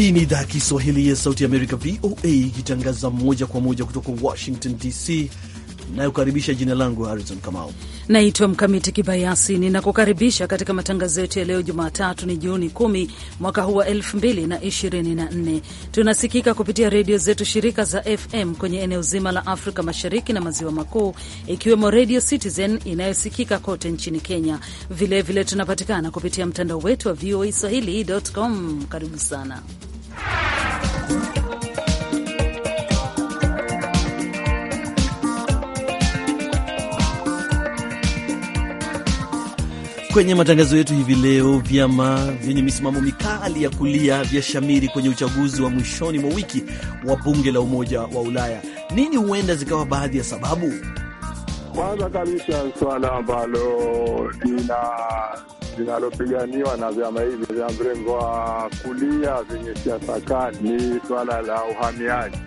Hii ni idhaa ya Kiswahili ya Sauti ya Amerika, VOA, ikitangaza moja kwa moja kutoka Washington DC. Nayokaribisha, jina langu Harrison Kamau Naitwa Mkamiti Kibayasi, ninakukaribisha katika matangazo yetu ya leo Jumatatu ni Juni 10 mwaka huu wa 2024. Tunasikika kupitia redio zetu shirika za FM kwenye eneo zima la Afrika Mashariki na Maziwa Makuu, ikiwemo Radio Citizen inayosikika kote nchini Kenya. Vilevile vile tunapatikana kupitia mtandao wetu wa VOA swahili.com. Karibu sana Kwenye matangazo yetu hivi leo, vyama vyenye misimamo mikali ya kulia vya shamiri kwenye uchaguzi wa mwishoni mwa wiki wa bunge la Umoja wa Ulaya. Nini huenda zikawa baadhi ya sababu? Kwanza kabisa swala ambalo linalopiganiwa na vyama hivi vya mrengo wa kulia vyenye siasa kali ni swala la uhamiaji.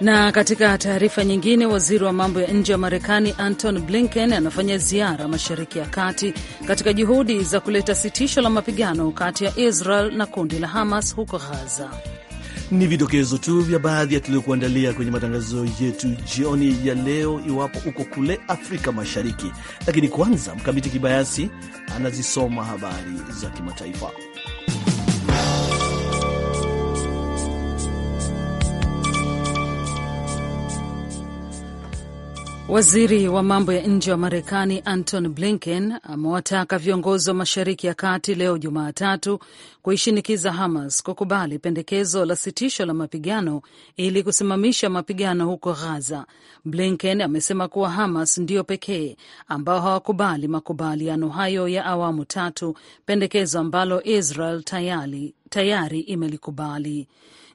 Na katika taarifa nyingine, waziri wa mambo ya nje wa Marekani Anton Blinken anafanya ziara Mashariki ya Kati katika juhudi za kuleta sitisho la mapigano kati ya Israel na kundi la Hamas huko Gaza. Ni vidokezo tu vya baadhi ya tuliokuandalia kwenye matangazo yetu jioni ya leo, iwapo uko kule Afrika Mashariki. Lakini kwanza, Mkamiti Kibayasi anazisoma habari za kimataifa. Waziri wa mambo ya nje wa Marekani Anton Blinken amewataka viongozi wa Mashariki ya Kati leo Jumatatu kuishinikiza Hamas kukubali pendekezo la sitisho la mapigano ili kusimamisha mapigano huko Gaza. Blinken amesema kuwa Hamas ndiyo pekee ambao hawakubali makubaliano hayo ya awamu tatu, pendekezo ambalo Israel tayari, tayari imelikubali.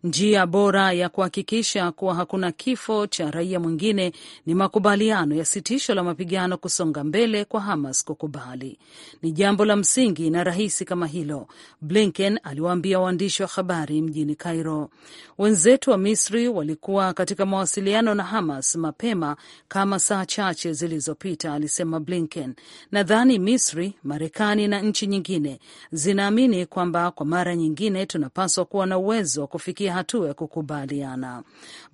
Njia bora ya kuhakikisha kuwa hakuna kifo cha raia mwingine ni makubaliano ya sitisho la mapigano kusonga mbele kwa Hamas kukubali. Ni jambo la msingi na rahisi kama hilo, Blinken aliwaambia waandishi wa habari mjini Cairo. Wenzetu wa Misri walikuwa katika mawasiliano na Hamas mapema kama saa chache zilizopita, alisema Blinken. Nadhani Misri, Marekani na nchi nyingine zinaamini kwamba kwa mara nyingine tunapaswa kuwa na uwezo wa kufikia kufikia hatua ya kukubaliana.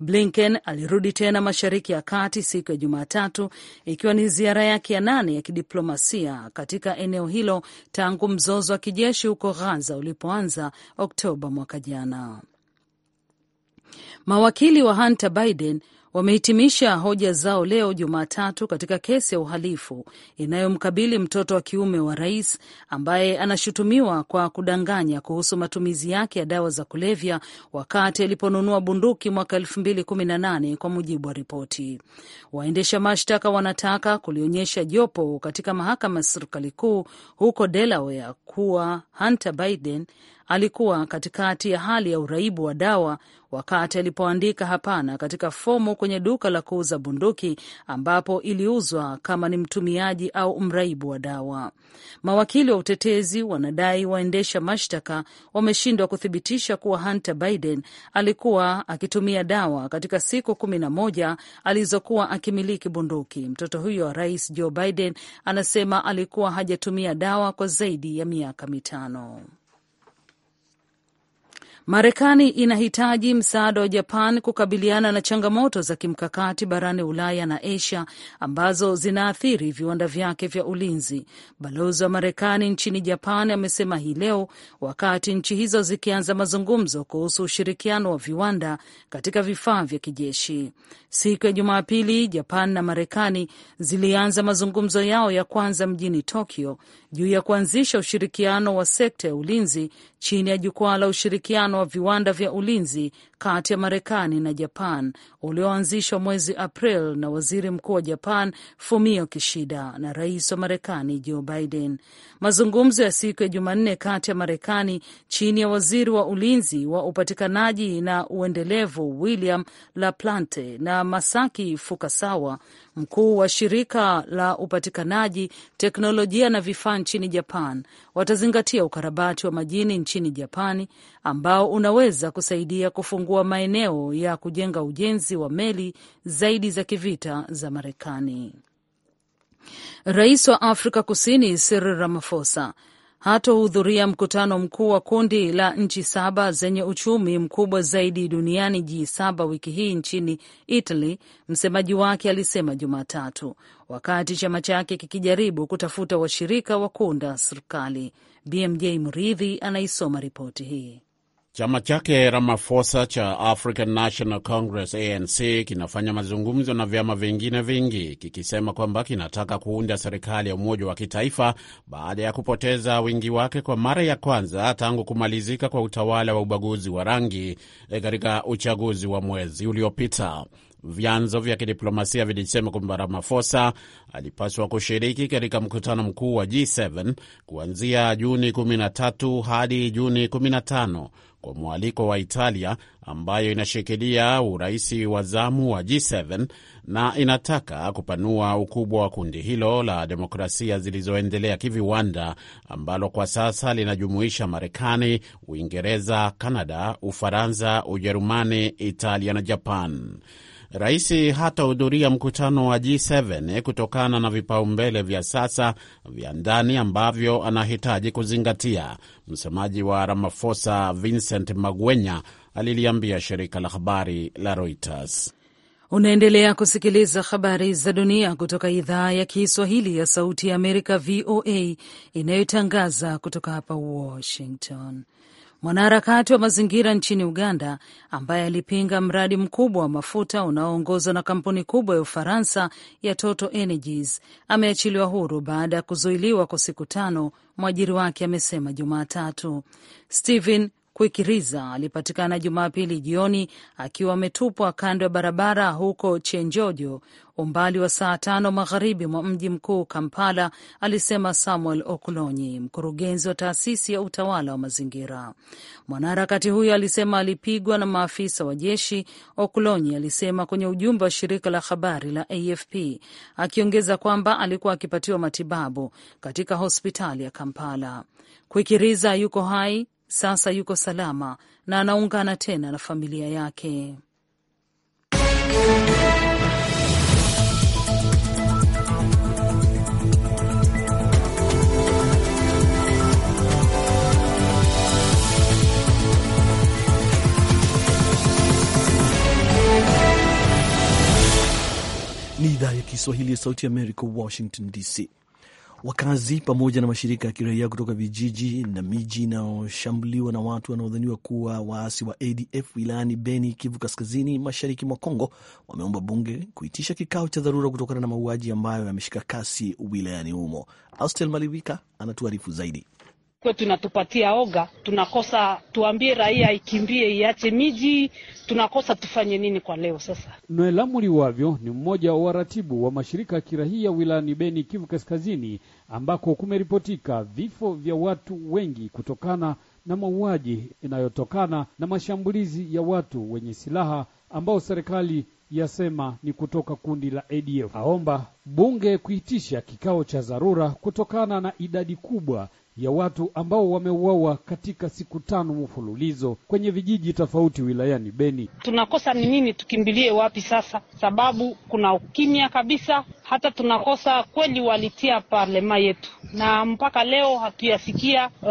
Blinken alirudi tena Mashariki ya Kati siku ya Jumatatu, ikiwa ni ziara yake ya nane ya kidiplomasia katika eneo hilo tangu mzozo wa kijeshi huko ghaza ulipoanza Oktoba mwaka jana. Mawakili wa Hunter Biden wamehitimisha hoja zao leo Jumatatu katika kesi ya uhalifu inayomkabili mtoto wa kiume wa rais ambaye anashutumiwa kwa kudanganya kuhusu matumizi yake ya dawa za kulevya wakati aliponunua bunduki mwaka 2018 kwa mujibu wa ripoti. Waendesha mashtaka wanataka kulionyesha jopo katika mahakama ya serikali kuu huko Delaware kuwa Hunter Biden alikuwa katikati ya hali ya uraibu wa dawa wakati alipoandika hapana katika fomu kwenye duka la kuuza bunduki ambapo iliuzwa kama ni mtumiaji au mraibu wa dawa. Mawakili wa utetezi wanadai waendesha mashtaka wameshindwa kuthibitisha kuwa Hunter Biden alikuwa akitumia dawa katika siku kumi na moja alizokuwa akimiliki bunduki. Mtoto huyo wa rais Joe Biden anasema alikuwa hajatumia dawa kwa zaidi ya miaka mitano. Marekani inahitaji msaada wa Japan kukabiliana na changamoto za kimkakati barani Ulaya na Asia ambazo zinaathiri viwanda vyake vya ulinzi, balozi wa Marekani nchini Japan amesema hii leo, wakati nchi hizo zikianza mazungumzo kuhusu ushirikiano wa viwanda katika vifaa vya kijeshi. Siku ya Jumapili, Japan na Marekani zilianza mazungumzo yao ya kwanza mjini Tokyo juu ya kuanzisha ushirikiano wa sekta ya ulinzi chini ya jukwaa la ushirikiano wa viwanda vya ulinzi kati ya Marekani na Japan ulioanzishwa mwezi April na waziri mkuu wa Japan Fumio Kishida na rais wa Marekani Joe Biden. Mazungumzo ya siku ya Jumanne kati ya Marekani chini ya waziri wa ulinzi wa upatikanaji na uendelevu William Laplante na Masaki Fukasawa, mkuu wa shirika la upatikanaji teknolojia na vifaa nchini Japan, watazingatia ukarabati wa majini nchini Japani ambao unaweza kusaidia kufungua kufungua maeneo ya kujenga ujenzi wa meli zaidi za kivita za Marekani. Rais wa Afrika Kusini Cyril Ramaphosa hatohudhuria mkutano mkuu wa kundi la nchi saba zenye uchumi mkubwa zaidi duniani G7 wiki hii nchini Italy, msemaji wake alisema Jumatatu, wakati chama chake kikijaribu kutafuta washirika wa kuunda serikali. BMJ Mridhi anaisoma ripoti hii. Chama chake Ramaphosa cha African National Congress ANC kinafanya mazungumzo na vyama vingine vingi kikisema kwamba kinataka kuunda serikali ya umoja wa kitaifa baada ya kupoteza wingi wake kwa mara ya kwanza tangu kumalizika kwa utawala wa ubaguzi wa rangi eh, katika uchaguzi wa mwezi uliopita. Vyanzo vya kidiplomasia vilisema kwamba Ramaphosa alipaswa kushiriki katika mkutano mkuu wa G7 kuanzia Juni 13 hadi Juni 15 kwa mwaliko wa Italia ambayo inashikilia urais wa zamu wa G7 na inataka kupanua ukubwa wa kundi hilo la demokrasia zilizoendelea kiviwanda ambalo kwa sasa linajumuisha Marekani, Uingereza, Kanada, Ufaransa, Ujerumani, Italia na Japan. Rais hatahudhuria mkutano wa G7 eh, kutokana na vipaumbele vya sasa vya ndani ambavyo anahitaji kuzingatia. Msemaji wa Ramaphosa Vincent Magwenya aliliambia shirika la habari la Reuters. Unaendelea kusikiliza habari za dunia kutoka idhaa ya Kiswahili ya Sauti ya Amerika, VOA, inayotangaza kutoka hapa Washington. Mwanaharakati wa mazingira nchini Uganda ambaye alipinga mradi mkubwa wa mafuta unaoongozwa na kampuni kubwa ya Ufaransa ya Total Energies ameachiliwa huru baada ya kuzuiliwa kwa siku tano, mwajiri wake amesema Jumatatu. Stephen Kwikiriza alipatikana Jumapili jioni akiwa ametupwa kando ya barabara huko Chenjojo, umbali wa saa tano magharibi mwa mji mkuu Kampala, alisema Samuel Okulonyi, mkurugenzi wa taasisi ya utawala wa mazingira. Mwanaharakati huyo alisema alipigwa na maafisa wa jeshi, Okulonyi alisema kwenye ujumbe wa shirika la habari la AFP, akiongeza kwamba alikuwa akipatiwa matibabu katika hospitali ya Kampala. Kwikiriza yuko hai sasa yuko salama na anaungana tena na familia yake. Ni idhaa ya Kiswahili ya Sauti ya Amerika, Washington DC. Wakazi pamoja na mashirika ya kiraia kutoka vijiji na miji inayoshambuliwa na watu wanaodhaniwa kuwa waasi wa ADF wilayani Beni, Kivu Kaskazini, mashariki mwa Kongo, wameomba bunge kuitisha kikao cha dharura kutokana na mauaji ambayo yameshika kasi wilayani humo. Austel Malivika anatuarifu zaidi kwetu inatupatia oga, tunakosa tuambie raia ikimbie iache miji, tunakosa tufanye nini kwa leo sasa? Noela wavyo ni mmoja wa waratibu wa mashirika ya kirahia wilayani Beni, Kivu Kaskazini, ambako kumeripotika vifo vya watu wengi kutokana na mauaji inayotokana na mashambulizi ya watu wenye silaha ambao serikali yasema ni kutoka kundi la ADF. Aomba bunge kuitisha kikao cha dharura kutokana na idadi kubwa ya watu ambao wameuawa katika siku tano mfululizo kwenye vijiji tofauti wilayani Beni. Tunakosa ni nini? Tukimbilie wapi sasa? Sababu kuna ukimya kabisa, hata tunakosa kweli walitia parlema yetu, na mpaka leo hatuyasikia uh,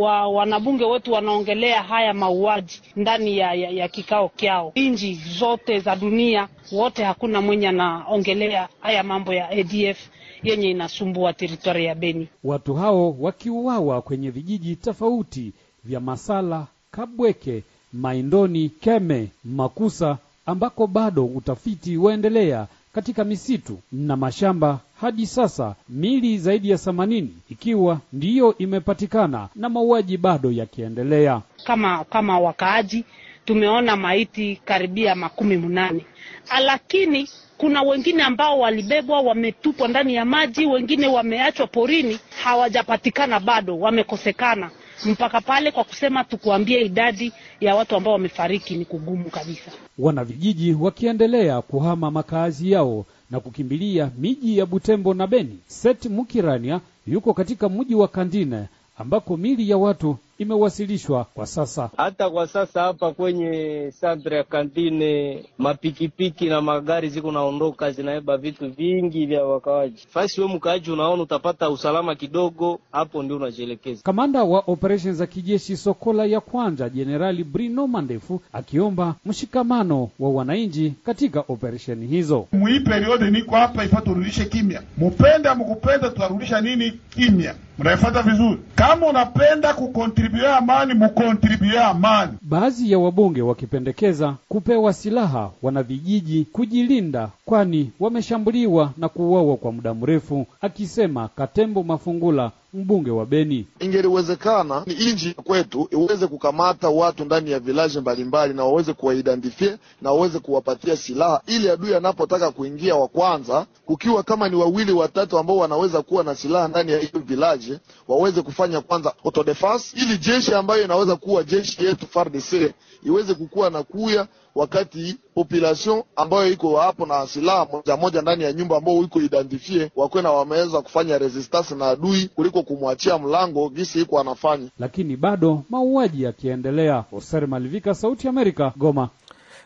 wa, wanabunge wetu wanaongelea haya mauaji ndani ya, ya, ya kikao kyao. Nchi zote za dunia wote, hakuna mwenye anaongelea haya mambo ya ADF yenye inasumbua teritori ya Beni. Watu hao wakiuawa kwenye vijiji tofauti vya Masala, Kabweke, Maindoni, Keme, Makusa ambako bado utafiti waendelea katika misitu na mashamba hadi sasa mili zaidi ya themanini ikiwa ndiyo imepatikana na mauaji bado yakiendelea. Kama kama wakaaji tumeona maiti karibia makumi mnane, ah, lakini kuna wengine ambao walibebwa wametupwa ndani ya maji, wengine wameachwa porini, hawajapatikana bado, wamekosekana mpaka pale. Kwa kusema tukuambie idadi ya watu ambao wamefariki ni kugumu kabisa. Wanavijiji wakiendelea kuhama makazi yao na kukimbilia miji ya Butembo na Beni. Seth Mukirania yuko katika mji wa Kandina ambako mili ya watu imewasilishwa kwa sasa. Hata kwa sasa hapa kwenye santre ya kantine, mapikipiki na magari ziko naondoka zinaeba vitu vingi vya wakawaji Fasi we mkaaji, unaona utapata usalama kidogo, hapo ndio unajielekeza. Kamanda wa operesheni za kijeshi Sokola ya kwanza, Jenerali Brino Mandefu akiomba mshikamano wa wananchi katika operesheni hizo. Mwi periode niko hapa ifa turudishe kimya, mupende amukupenda, tutarudisha nini kimya, mnaifata vizuri kama unapenda ku mukontribuye amani, mukontribuye amani. Baadhi ya wabunge wakipendekeza kupewa silaha wanavijiji kujilinda, kwani wameshambuliwa na kuuawa kwa muda mrefu, akisema Katembo Mafungula mbunge wa Beni. Ingeliwezekana ni inji kwetu iweze kukamata watu ndani ya vilaje mbalimbali, na waweze kuwaidentifie na waweze kuwapatia silaha, ili adui anapotaka kuingia wa kwanza, kukiwa kama ni wawili watatu ambao wanaweza kuwa na silaha ndani ya hiyo vilaji, waweze kufanya kwanza autodefense, ili jeshi ambayo inaweza kuwa jeshi yetu FARDC iweze kukuwa na kuya wakati population ambayo iko hapo na silaha moja moja ndani ya nyumba ambao iko identifie wakwe na wameweza kufanya resistance na adui kuliko kumwachia mlango gisi iko anafanya, lakini bado mauaji yakiendelea. hoser Malivika, Sauti Amerika, Goma.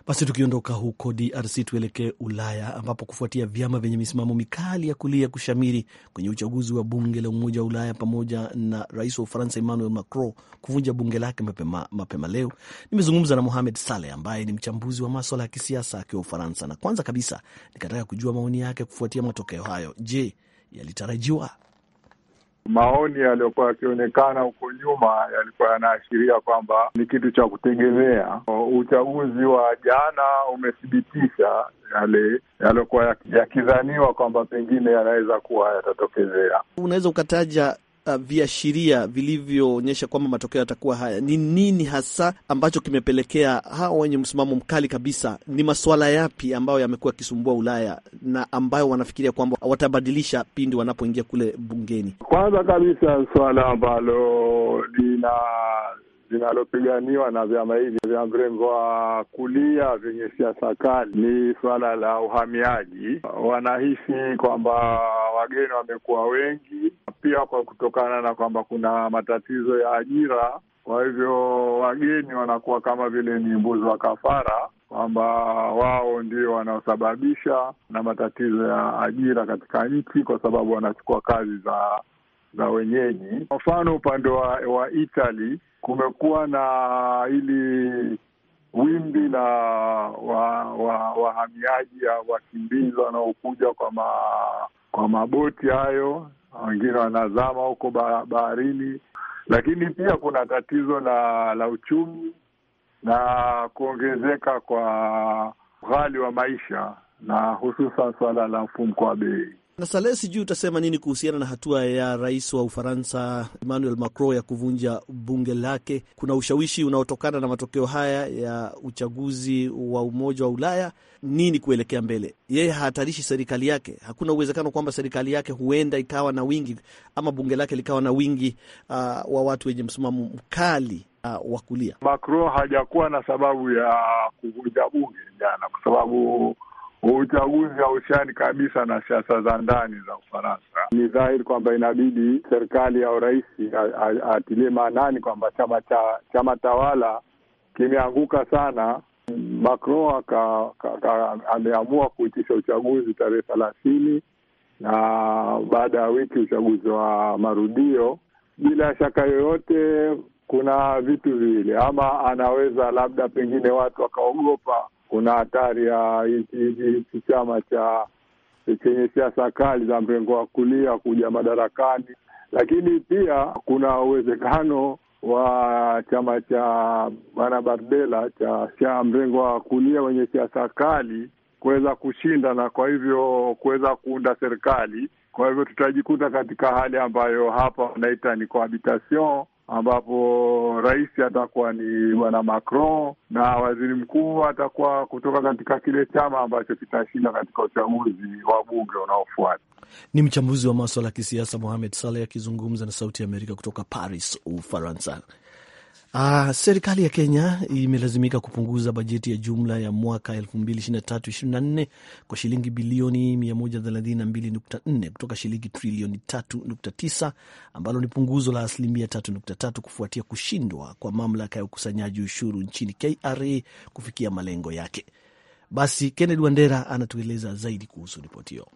Basi tukiondoka huko DRC tuelekee Ulaya ambapo kufuatia vyama vyenye misimamo mikali ya kulia kushamiri kwenye uchaguzi wa bunge la Umoja wa Ulaya pamoja na rais wa Ufaransa Emmanuel Macron kuvunja bunge lake mapema, mapema leo nimezungumza na Mohamed Saleh ambaye ni mchambuzi wa maswala ya kisiasa akiwa Ufaransa, na kwanza kabisa nikataka kujua maoni yake kufuatia matokeo hayo. Je, yalitarajiwa? maoni yaliyokuwa yakionekana huko nyuma yalikuwa yanaashiria kwamba ni kitu cha kutegemea. Uchaguzi wa jana umethibitisha yale yaliyokuwa yakidhaniwa kwamba pengine yanaweza kuwa yatatokezea. Unaweza ukataja uh, viashiria vilivyoonyesha kwamba matokeo yatakuwa haya? Ni nini hasa ambacho kimepelekea hawa wenye msimamo mkali kabisa? Ni masuala yapi ambayo yamekuwa yakisumbua Ulaya na ambayo wanafikiria kwamba watabadilisha pindi wanapoingia kule bungeni? Kwanza kabisa suala ambalo lina linalopiganiwa na vyama hivi vya mrengo wa kulia vyenye siasa kali ni suala la uhamiaji. Wanahisi kwamba wageni wamekuwa wengi, pia kwa kutokana na kwamba kuna matatizo ya ajira. Kwa hivyo wageni wanakuwa kama vile ni mbuzi wa kafara, kwamba wao ndio wanaosababisha na matatizo ya ajira katika nchi, kwa sababu wanachukua kazi za za wenyeji. Kwa mfano upande wa, wa Itali kumekuwa na ili wimbi la wahamiaji wa, wa, au wakimbizi wanaokuja kwa ma kwa maboti hayo, wengine wanazama huko baharini. Lakini pia kuna tatizo la, la uchumi na kuongezeka kwa ughali wa maisha na hususan suala la mfumko wa bei. Na Saleh, sijui utasema nini kuhusiana na hatua ya rais wa Ufaransa Emmanuel Macron ya kuvunja bunge lake. Kuna ushawishi unaotokana na matokeo haya ya uchaguzi wa Umoja wa Ulaya. Nini kuelekea mbele? Yeye hahatarishi serikali yake. Hakuna uwezekano kwamba serikali yake huenda ikawa na wingi ama bunge lake likawa na wingi uh, wa watu wenye msimamo mkali uh, wa kulia. Macron hajakuwa na sababu ya kuvunja bunge jana, kwa sababu uchaguzi haushani kabisa na siasa za ndani za Ufaransa. Ni dhahiri kwamba inabidi serikali ya urais atilie maanani kwamba chama cha chama tawala kimeanguka sana. Macron ameamua kuitisha uchaguzi tarehe thelathini na baada ya wiki uchaguzi wa marudio. Bila shaka yoyote, kuna vitu viwili, ama anaweza labda pengine watu wakaogopa kuna hatari ya hichi chama cha chenye siasa kali za mrengo wa kulia kuja madarakani, lakini pia kuna uwezekano wa chama cha bwana Bardella cha, cha mrengo wa kulia wenye siasa kali kuweza kushinda na kwa hivyo kuweza kuunda serikali. Kwa hivyo tutajikuta katika hali ambayo hapa wanaita ni cohabitation ambapo rais atakuwa ni bwana Macron na waziri mkuu atakuwa kutoka katika kile chama ambacho kitashinda katika uchaguzi wa bunge unaofuata. Ni mchambuzi wa maswala ya kisiasa Mohamed Saleh akizungumza na Sauti ya Amerika kutoka Paris, Ufaransa. Uh, serikali ya Kenya imelazimika kupunguza bajeti ya jumla ya mwaka 2023 kwa shilingi bilioni 132.4 kutoka shilingi trilioni 3.9 ambalo ni punguzo la asilimia 3.3 kufuatia kushindwa kwa mamlaka ya ukusanyaji ushuru nchini KRA kufikia malengo yake. Basi Kennedy Wandera anatueleza zaidi kuhusu ripoti hiyo.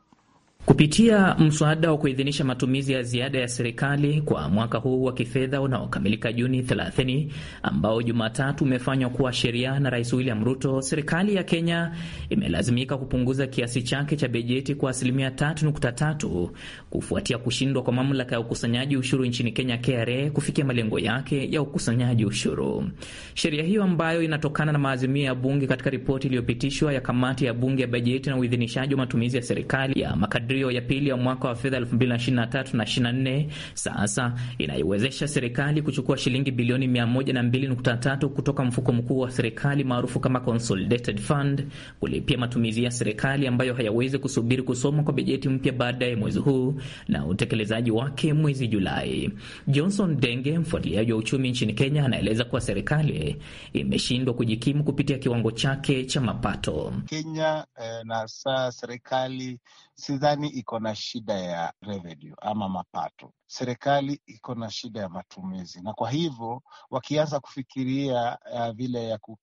Kupitia mswada wa kuidhinisha matumizi ya ziada ya serikali kwa mwaka huu wa kifedha unaokamilika Juni 30 ambao Jumatatu umefanywa kuwa sheria na Rais William Ruto, serikali ya Kenya imelazimika kupunguza kiasi chake cha bajeti kwa asilimia 3.3 kufuatia kushindwa kwa mamlaka ya ukusanyaji ushuru nchini Kenya, KRA, kufikia malengo yake ya ukusanyaji ushuru. Sheria hiyo ambayo inatokana na maazimio ya bunge katika ripoti iliyopitishwa ya kamati ya bunge ya bajeti na uidhinishaji wa matumizi ya serikali ya makadri makadirio ya pili ya mwaka wa fedha 2023 na 24 sasa inaiwezesha serikali kuchukua shilingi bilioni 102.3 kutoka mfuko mkuu wa serikali maarufu kama Consolidated Fund kulipia matumizi ya serikali ambayo hayawezi kusubiri kusoma kwa bajeti mpya baadaye mwezi huu na utekelezaji wake mwezi Julai. Johnson Denge, mfuatiliaji wa uchumi nchini Kenya, anaeleza kuwa serikali imeshindwa kujikimu kupitia kiwango chake cha mapato Kenya, eh, na saa serikali sidhani iko na shida ya revenue ama mapato. Serikali iko na shida ya matumizi, na kwa hivyo wakianza kufikiria uh, vile ya ku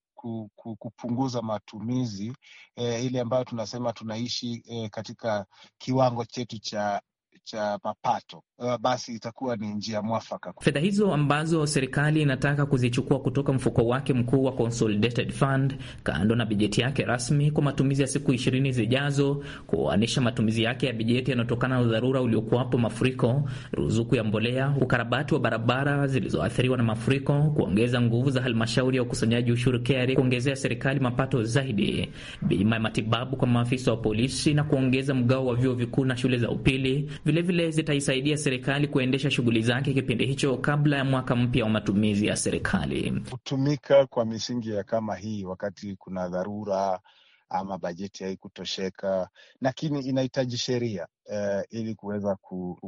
kupunguza matumizi eh, ile ambayo tunasema tunaishi eh, katika kiwango chetu cha cha mapato uh, basi itakuwa ni njia mwafaka. Fedha hizo ambazo serikali inataka kuzichukua kutoka mfuko wake mkuu wa Consolidated Fund, kando na bajeti yake rasmi kwa matumizi ya siku ishirini zijazo, kuanisha matumizi yake ya bajeti yanayotokana na dharura uliokuwapo, mafuriko, ruzuku ya mbolea, ukarabati wa barabara zilizoathiriwa na mafuriko, kuongeza nguvu za halmashauri ya ukusanyaji ushuru KRA, e, kuongezea serikali mapato zaidi, bima ya matibabu kwa maafisa wa polisi na kuongeza mgao wa vyuo vikuu na shule za upili, vilevile zitaisaidia serikali kuendesha shughuli zake kipindi hicho kabla ya mwaka mpya wa matumizi ya serikali. Kutumika kwa misingi ya kama hii wakati kuna dharura ama bajeti haikutosheka, lakini inahitaji sheria eh, ili kuweza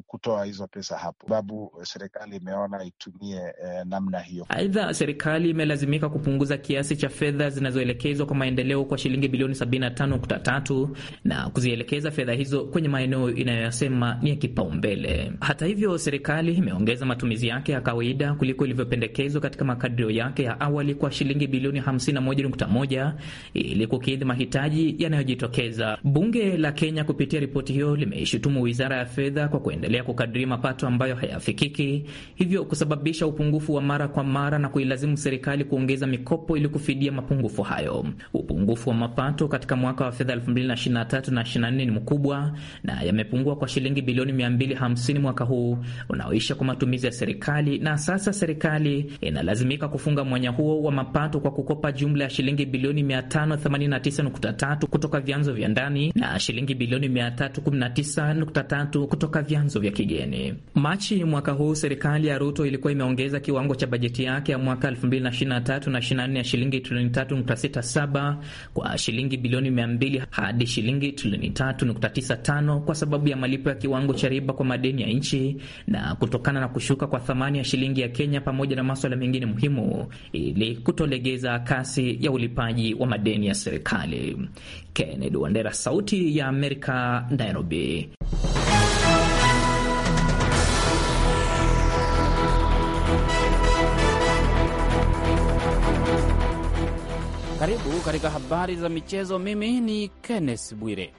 kutoa hizo pesa hapo, sababu eh, serikali imeona itumie eh, namna hiyo. Aidha, serikali imelazimika kupunguza kiasi cha fedha zinazoelekezwa kwa maendeleo kwa shilingi bilioni 75.3 na kuzielekeza fedha hizo kwenye maeneo inayoyasema ni ya kipaumbele. Hata hivyo, serikali imeongeza matumizi yake ya kawaida kuliko ilivyopendekezwa katika makadirio yake ya awali kwa shilingi bilioni 51.1 ili kukidhi mahitaji yanayojitokeza. Bunge la Kenya kupitia ripoti hiyo lime ikishutumu wizara ya fedha kwa kuendelea kukadiria mapato ambayo hayafikiki, hivyo kusababisha upungufu wa mara kwa mara na kuilazimu serikali kuongeza mikopo ili kufidia mapungufu hayo. Upungufu wa mapato katika mwaka wa fedha 2023 na 24 ni mkubwa na yamepungua kwa shilingi bilioni 250 mwaka huu unaoisha kwa matumizi ya serikali, na sasa serikali inalazimika kufunga mwanya huo wa mapato kwa kukopa jumla ya shilingi bilioni 589.3 kutoka vyanzo vya ndani na shilingi bilioni 319 9.3 kutoka vyanzo vya kigeni. Machi mwaka huu serikali ya Ruto ilikuwa imeongeza kiwango cha bajeti yake ya mwaka 2023 na 24 ya shilingi trilioni 3.67 kwa shilingi bilioni 200 hadi shilingi trilioni 3.95 kwa sababu ya malipo ya kiwango cha riba kwa madeni ya nchi na kutokana na kushuka kwa thamani ya shilingi ya Kenya pamoja na maswala mengine muhimu ili kutolegeza kasi ya ulipaji wa madeni ya serikali. Kennedy Wandera, Sauti ya Amerika, Nairobi. Karibu katika habari za michezo. Mimi ni Kenneth Bwire.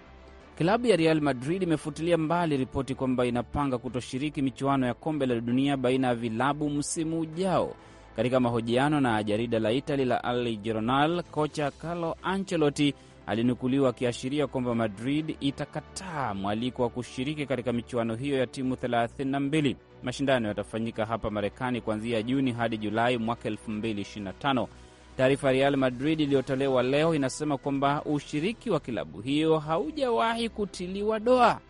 Klabu ya Real Madrid imefutilia mbali ripoti kwamba inapanga kutoshiriki michuano ya kombe la dunia baina ya vilabu msimu ujao. Katika mahojiano na jarida la Itali la Al Giornale, kocha Carlo Ancelotti alinukuliwa akiashiria kwamba Madrid itakataa mwaliko wa kushiriki katika michuano hiyo ya timu 32. Mashindano yatafanyika hapa Marekani kuanzia Juni hadi Julai mwaka 2025. Taarifa ya Real Madrid iliyotolewa leo inasema kwamba ushiriki wa kilabu hiyo haujawahi kutiliwa doa.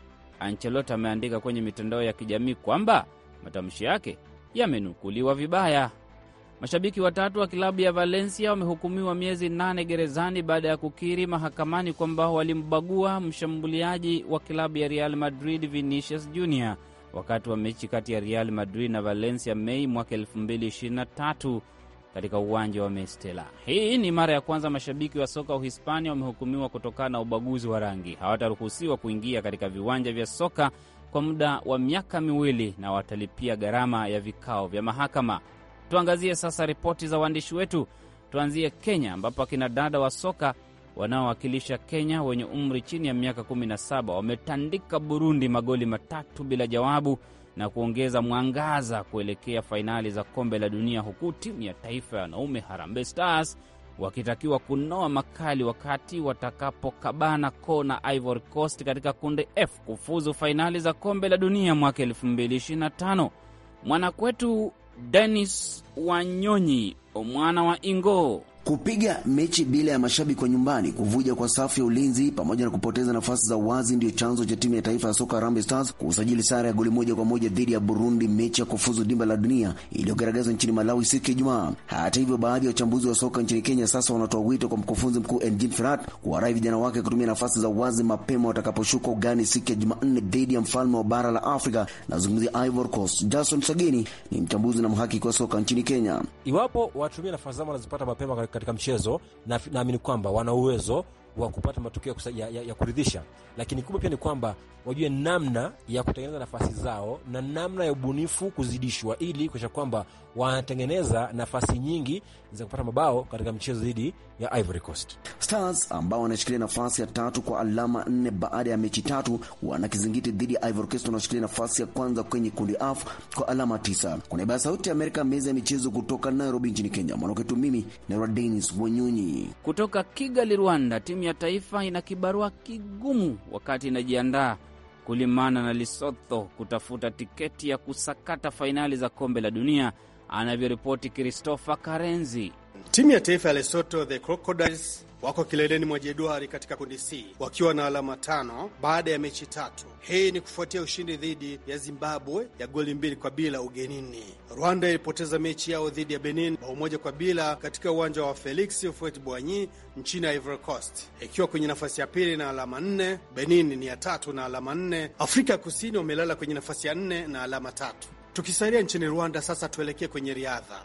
Ancelotti ameandika kwenye mitandao ya kijamii kwamba matamshi yake yamenukuliwa vibaya. Mashabiki watatu wa klabu ya Valencia wamehukumiwa miezi nane gerezani baada ya kukiri mahakamani kwamba walimbagua mshambuliaji wa klabu ya Real Madrid Vinicius Jr wakati wa mechi kati ya Real Madrid na Valencia Mei mwaka 2023 katika uwanja wa Mestela. Hii ni mara ya kwanza mashabiki wa soka Uhispania wamehukumiwa kutokana na ubaguzi wa rangi. Hawataruhusiwa kuingia katika viwanja vya soka kwa muda wa miaka miwili na watalipia gharama ya vikao vya mahakama. Tuangazie sasa ripoti za waandishi wetu. Tuanzie Kenya, ambapo akina dada wa soka wanaowakilisha Kenya wenye umri chini ya miaka 17 wametandika Burundi magoli matatu bila jawabu na kuongeza mwangaza kuelekea fainali za kombe la dunia, huku timu ya taifa ya wanaume Harambee Stars wakitakiwa kunoa makali wakati watakapokabana kona Ivory Coast katika kundi F kufuzu fainali za kombe la dunia mwaka 2025. Mwanakwetu Denis Wanyonyi, omwana wa Ingo Kupiga mechi bila ya mashabiki wa nyumbani, kuvuja kwa safu ya ulinzi pamoja na kupoteza nafasi za wazi ndiyo chanzo cha timu ya taifa ya soka Harambee Stars kusajili sare ya goli moja kwa moja dhidi ya Burundi, mechi ya kufuzu dimba la dunia iliyogaragazwa nchini Malawi siku ya Ijumaa. Hata hivyo, baadhi ya wachambuzi wa soka nchini Kenya sasa wanatoa wito kwa mkufunzi mkuu Engin Firat kuwarai vijana wake kutumia nafasi za wazi mapema watakaposhuka ugani siku ya Jumanne dhidi ya mfalme wa bara la Afrika. Nazungumzia Ivory Coast. Jason Sagini ni mchambuzi na mhakiki wa soka nchini Kenya. Iwapo watumia nafasi zao wanazipata mapema katika mchezo, naamini na kwamba wana uwezo wa kupata matokeo ya, ya, ya kuridhisha, lakini kubwa pia ni kwamba wajue namna ya kutengeneza nafasi zao na namna ya ubunifu kuzidishwa, ili kuisha kwamba wanatengeneza nafasi nyingi za kupata mabao katika mchezo dhidi ya Ivory Coast. Stars ambao wanashikilia nafasi ya tatu kwa alama nne baada ya mechi tatu, wana kizingiti dhidi ya Ivory Coast wanaoshikilia nafasi ya kwanza kwenye kundi F kwa alama tisa. Kwa niaba ya Sauti ya Amerika, meza ya michezo kutoka Nairobi nchini Kenya, mwanaketu mimi Nero Dennis Wanyonyi kutoka Kigali, Rwanda, timu timu ya taifa ina kibarua kigumu wakati inajiandaa kulimana na Lisotho kutafuta tiketi ya kusakata fainali za kombe la dunia, anavyoripoti Christopher Karenzi. Timu ya taifa ya Lesotho, the Crocodiles wako kileleni mwa jedwali katika kundi C wakiwa na alama tano baada ya mechi tatu. Hii ni kufuatia ushindi dhidi ya Zimbabwe ya goli mbili kwa bila ugenini. Rwanda ilipoteza mechi yao dhidi ya Benin bao moja kwa bila katika uwanja wa Felix Houphouet-Boigny nchini Ivory Coast, ikiwa kwenye nafasi ya pili na alama nne. Benin ni ya tatu na alama nne. Afrika ya Kusini wamelala kwenye nafasi ya nne na alama tatu. Tukisalia nchini Rwanda, sasa tuelekee kwenye riadha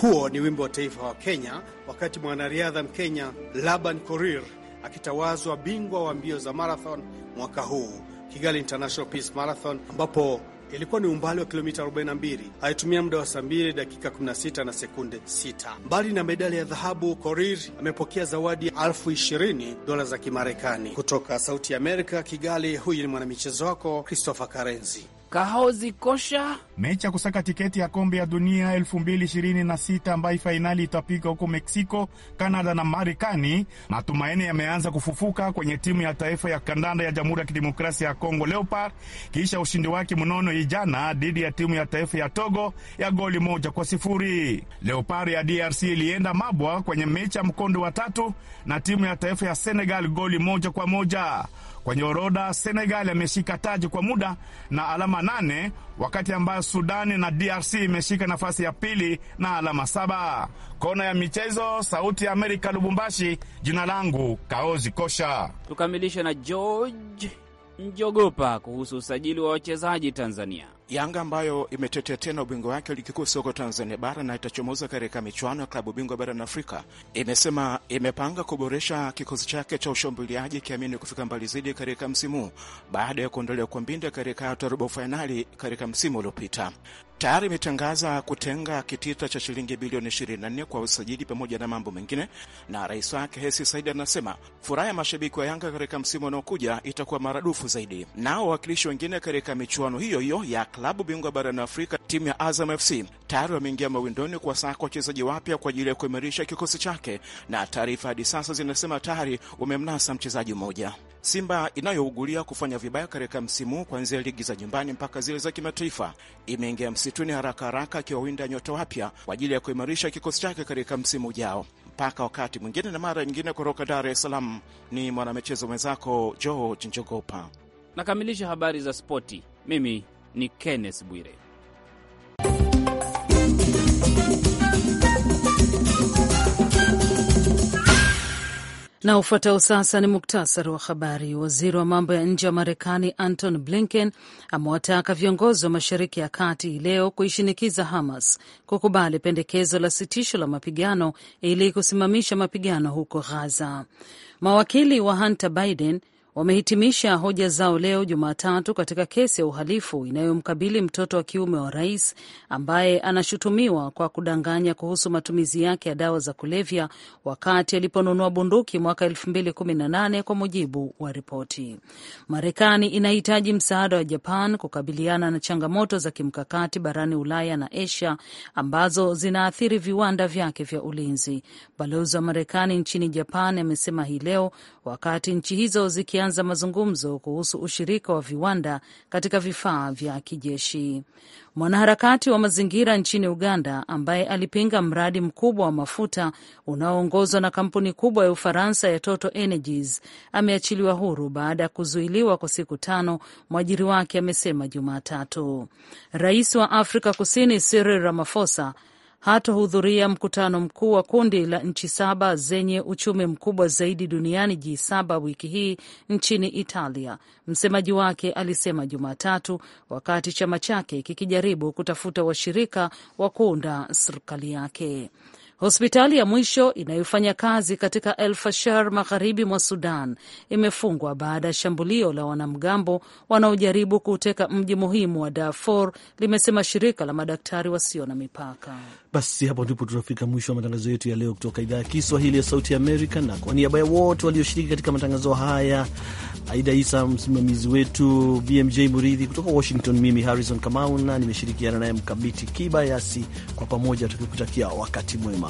huo ni wimbo wa taifa wa Kenya wakati mwanariadha Mkenya Laban Korir akitawazwa bingwa wa mbio za marathon mwaka huu Kigali International Peace Marathon, ambapo ilikuwa ni umbali wa kilomita 42. Alitumia muda wa saa 2 dakika 16 na sekunde 6. Mbali na medali ya dhahabu, Korir amepokea zawadi elfu 20 dola za Kimarekani kutoka Sauti ya Amerika, Kigali. Huyu ni mwanamichezo wako Christopher Karenzi. Kahozi Kosha. Mechi ya kusaka tiketi ya kombe ya dunia 2026 ambayo fainali itapiga huko Meksiko, Kanada na Marekani, matumaini yameanza kufufuka kwenye timu ya taifa ya kandanda ya Jamhuri ya Kidemokrasia ya Kongo Leopard kisha ushindi wake mnono ijana dhidi ya timu ya taifa ya Togo ya goli moja kwa sifuri. Leopard ya DRC ilienda mabwa kwenye mechi ya mkondo wa tatu na timu ya taifa ya Senegal goli moja kwa moja. Kwenye orodha Senegal ameshika taji kwa muda na alama nane, wakati ambayo Sudani na DRC imeshika nafasi ya pili na alama saba. Kona ya michezo, Sauti ya Amerika, Lubumbashi. Jina langu Kaozi Kosha. Tukamilishe na George Njogopa kuhusu usajili wa wachezaji Tanzania. Yanga ambayo imetetea tena ubingwa wake ligi kuu soko Tanzania bara na itachomoza katika michuano ya klabu bingwa barani Afrika, imesema imepanga kuboresha kikosi chake cha ushambuliaji ikiamini kufika mbali zaidi katika msimu baada ya kuondolewa kwa Mbinda katika hatua robo fainali katika msimu uliopita. Tayari imetangaza kutenga kitita cha shilingi bilioni 24 kwa usajili pamoja na mambo mengine, na rais wake Hesi Said anasema furaha ya mashabiki wa Yanga katika msimu unaokuja itakuwa maradufu zaidi. Nao wawakilishi wengine katika michuano hiyo hiyo ya klabu bingwa barani Afrika, timu ya Azam FC tayari wameingia mawindoni saka wachezaji wapya kwa ajili ya kuimarisha kikosi chake, na taarifa hadi sasa zinasema tayari wamemnasa mchezaji mmoja. Simba inayougulia kufanya vibaya katika msimu kuanzia ligi za nyumbani mpaka zile za kimataifa imeingia msituni haraka haraka, akiwawinda nyota wapya kwa ajili ya kuimarisha kikosi chake katika msimu ujao. Mpaka wakati mwingine na mara nyingine, kutoka Dar es Salaam ni mwanamichezo mwenzako George Njogopa. Nakamilisha habari za spoti mimi ni Kenneth Bwire. Na ufuatao sasa ni muktasari wa habari. Waziri wa mambo ya nje wa Marekani Anton Blinken amewataka viongozi wa Mashariki ya Kati leo kuishinikiza Hamas kukubali pendekezo la sitisho la mapigano ili kusimamisha mapigano huko Gaza. Mawakili wa Hunter Biden wamehitimisha hoja zao leo Jumatatu katika kesi ya uhalifu inayomkabili mtoto wa kiume wa rais ambaye anashutumiwa kwa kudanganya kuhusu matumizi yake ya dawa za kulevya wakati aliponunua bunduki mwaka 2018 kwa mujibu wa ripoti. Marekani inahitaji msaada wa Japan kukabiliana na changamoto za kimkakati barani Ulaya na Asia ambazo zinaathiri viwanda vyake vya ulinzi, balozi wa Marekani nchini Japan amesema hii leo, wakati nchi hizo ziki ikianza mazungumzo kuhusu ushirika wa viwanda katika vifaa vya kijeshi. Mwanaharakati wa mazingira nchini Uganda ambaye alipinga mradi mkubwa wa mafuta unaoongozwa na kampuni kubwa ya Ufaransa ya Total Energies ameachiliwa huru baada ya kuzuiliwa kwa siku tano, mwajiri wake amesema Jumatatu. Rais wa Afrika Kusini Cyril Ramaphosa hatohudhuria mkutano mkuu wa kundi la nchi saba zenye uchumi mkubwa zaidi duniani G7 wiki hii nchini Italia, msemaji wake alisema Jumatatu, wakati chama chake kikijaribu kutafuta washirika wa kuunda serikali yake. Hospitali ya mwisho inayofanya kazi katika El Fasher, magharibi mwa Sudan, imefungwa baada ya shambulio la wanamgambo wanaojaribu kuuteka mji muhimu wa Darfur, limesema shirika la madaktari wasio na mipaka. Basi hapo ndipo tunafika mwisho wa matangazo yetu ya leo kutoka idhaa ya Kiswahili ya Sauti Amerika, na kwa niaba ya wote walioshiriki katika matangazo haya, Aida Isa msimamizi wetu, BMJ Muridhi kutoka Washington, mimi Harrison Kamau na nimeshirikiana naye Mkabiti Kibayasi, kwa pamoja tukikutakia wakati mwema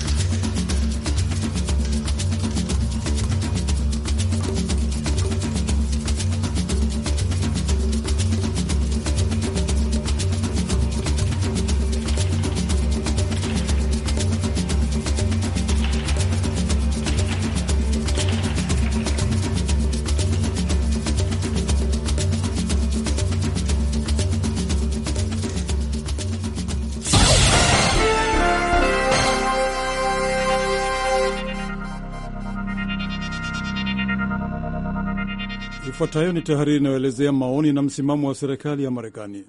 Ifuatayo ni tahariri inayoelezea maoni na msimamo wa serikali ya Marekani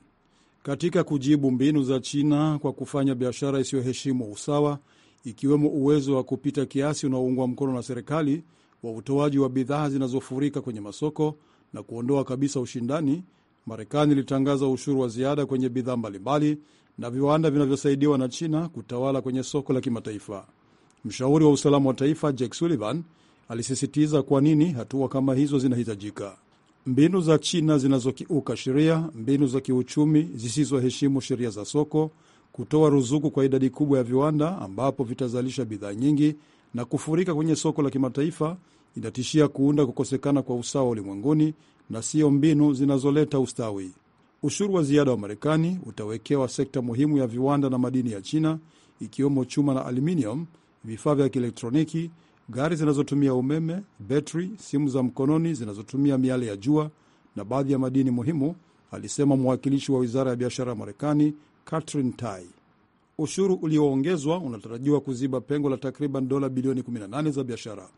katika kujibu mbinu za China kwa kufanya biashara isiyoheshimu usawa, ikiwemo uwezo wa kupita kiasi unaoungwa mkono na serikali wa utoaji wa bidhaa zinazofurika kwenye masoko na kuondoa kabisa ushindani. Marekani ilitangaza ushuru wa ziada kwenye bidhaa mbalimbali na viwanda vinavyosaidiwa na China kutawala kwenye soko la kimataifa. Mshauri wa usalama wa taifa Jake Sullivan alisisitiza kwa nini hatua kama hizo zinahitajika. Mbinu za China zinazokiuka sheria, mbinu za kiuchumi zisizoheshimu sheria za soko, kutoa ruzuku kwa idadi kubwa ya viwanda ambapo vitazalisha bidhaa nyingi na kufurika kwenye soko la kimataifa inatishia kuunda kukosekana kwa usawa ulimwenguni na siyo mbinu zinazoleta ustawi. Ushuru wa ziada wa Marekani utawekewa sekta muhimu ya viwanda na madini ya China, ikiwemo chuma na aluminium, vifaa vya kielektroniki gari zinazotumia umeme, betri, simu za mkononi zinazotumia miale ya jua na baadhi ya madini muhimu, alisema mwakilishi wa wizara ya biashara ya Marekani Katrin Tai. Ushuru ulioongezwa unatarajiwa kuziba pengo la takriban dola bilioni 18 za biashara.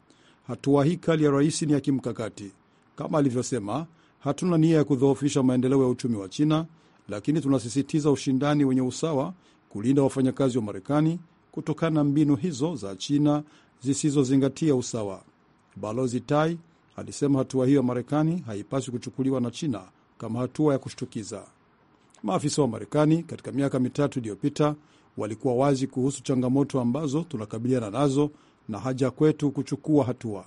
Hatua hii kali ya rais ni ya kimkakati. Kama alivyosema, hatuna nia ya kudhoofisha maendeleo ya uchumi wa China, lakini tunasisitiza ushindani wenye usawa, kulinda wafanyakazi wa Marekani kutokana na mbinu hizo za China zisizozingatia usawa. Balozi Tai alisema hatua hiyo ya Marekani haipaswi kuchukuliwa na China kama hatua ya kushtukiza. Maafisa wa Marekani katika miaka mitatu iliyopita walikuwa wazi kuhusu changamoto ambazo tunakabiliana nazo na haja kwetu kuchukua hatua.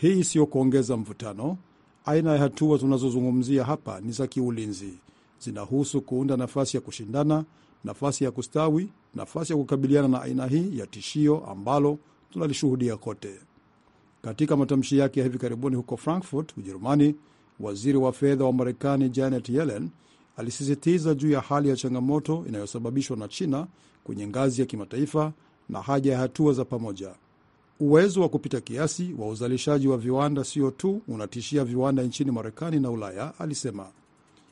Hii siyo kuongeza mvutano. Aina ya hatua tunazozungumzia hapa ni za kiulinzi, zinahusu kuunda nafasi ya kushindana, nafasi ya kustawi, nafasi ya kukabiliana na aina hii ya tishio ambalo tunalishuhudia kote. Katika matamshi yake ya hivi karibuni huko Frankfurt, Ujerumani, waziri wa fedha wa Marekani Janet Yellen alisisitiza juu ya hali ya changamoto inayosababishwa na China kwenye ngazi ya kimataifa na haja ya hatua za pamoja. Uwezo wa kupita kiasi wa uzalishaji wa viwanda sio tu unatishia viwanda nchini Marekani na Ulaya, alisema,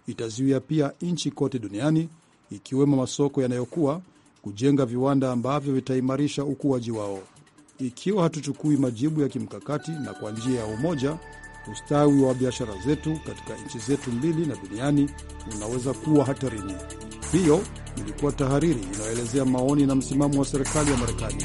itazuia pia nchi kote duniani, ikiwemo masoko yanayokuwa kujenga viwanda ambavyo vitaimarisha ukuaji wao. Ikiwa hatuchukui majibu ya kimkakati na kwa njia ya umoja, ustawi wa biashara zetu katika nchi zetu mbili na duniani unaweza kuwa hatarini. Hiyo ilikuwa tahariri inayoelezea maoni na msimamo wa serikali ya Marekani.